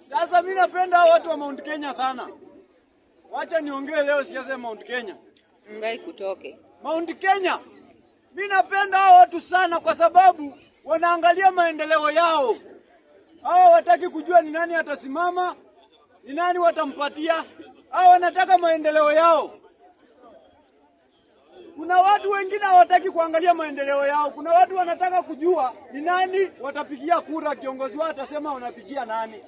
Sasa mimi napenda watu wa Mount Kenya sana. Wacha niongee leo siasa Mount Kenya. Ngai kutoke. Mount Kenya. Mimi napenda hao watu sana kwa sababu wanaangalia maendeleo yao. Hao wataki kujua ni nani atasimama, ni nani watampatia. Hao wanataka maendeleo yao. Kuna wengine hawataki kuangalia maendeleo yao. Kuna watu wanataka kujua ni nani watapigia kura, kiongozi wao atasema wanapigia nani.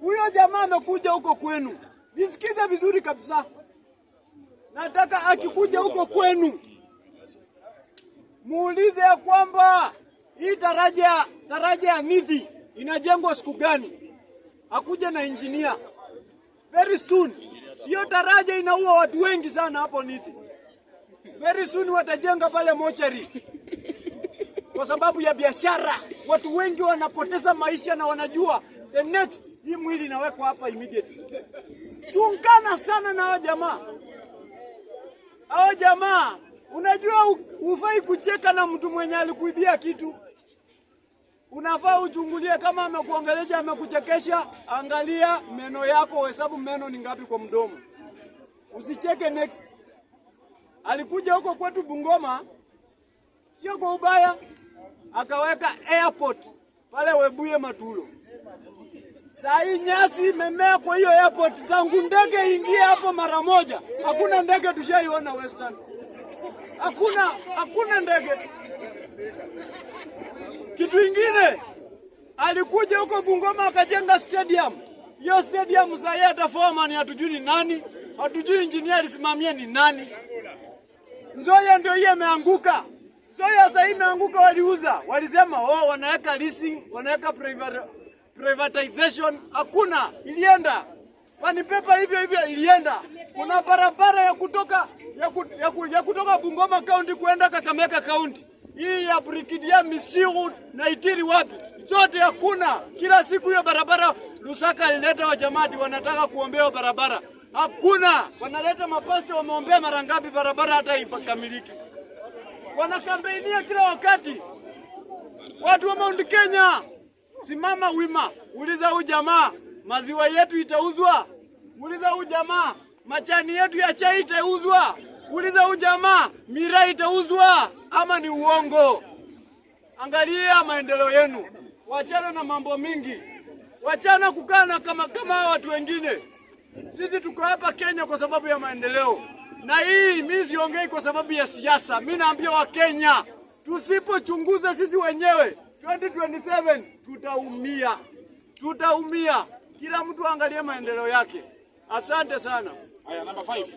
Huyo jamaa amekuja huko kwenu, nisikize vizuri kabisa. Nataka akikuja huko kwenu, muulize ya kwamba hii taraja taraja ya Nithi inajengwa siku gani? Akuja na injinia very soon. Hiyo taraja inaua watu wengi sana hapo Nithi. Very soon watajenga pale mochari kwa sababu ya biashara. Watu wengi wanapoteza maisha na wanajua the net, hii mwili inawekwa hapa immediately. Chungana sana na hao jamaa, hao jamaa. Unajua hufai kucheka na mtu mwenye alikuibia kitu. Unafaa uchungulie kama amekuongelesha, amekuchekesha, angalia meno yako, hesabu meno ni ngapi kwa mdomo. Usicheke next Alikuja huko kwetu Bungoma, sio kwa ubaya, akaweka airport pale Webuye Matulo. Saa hii nyasi imemea kwa hiyo airport, tangu ndege ingie hapo mara moja, hakuna ndege tushaiona Western, hakuna hakuna ndege. Kitu ingine alikuja huko Bungoma akajenga stadium. Hiyo stadium za yeye atafoma ni hatujui ni nani, hatujui engineer alisimamia ni nani. Nzoia ndio hiyo imeanguka. Nzoia sasa imeanguka, waliuza. Walisema oh, wanaweka leasing, wanaweka privatization, hakuna. Ilienda pani pepa hivyo hivyo, ilienda. Kuna barabara ya kutoka ya, ku, ya, ku, ya kutoka Bungoma County kwenda Kakamega County, hii ya Brigidia Misiru na Itiri wapi zote hakuna. Kila siku hiyo barabara Lusaka ileta wajamati, wanataka kuombea barabara Hakuna. Wanaleta mapasta, wameombea mara ngapi barabara hata ipakamilike? Wanakambeinia kila wakati. Watu wa Mount Kenya, simama wima, uliza huyu jamaa maziwa yetu itauzwa? Uliza huyu jamaa machani yetu ya chai itauzwa? Uliza huyu jamaa miraa itauzwa? Ama ni uongo? Angalia maendeleo yenu, wachana na mambo mingi, wachana kukaa na kama kama watu wengine. Sisi tuko hapa Kenya kwa sababu ya maendeleo, na hii mi siongei kwa sababu ya siasa. Mi naambia Wakenya, tusipochunguza sisi wenyewe 2027 tutaumia, tutaumia. Kila mtu angalie maendeleo yake. Asante sana. Aya, namba 5.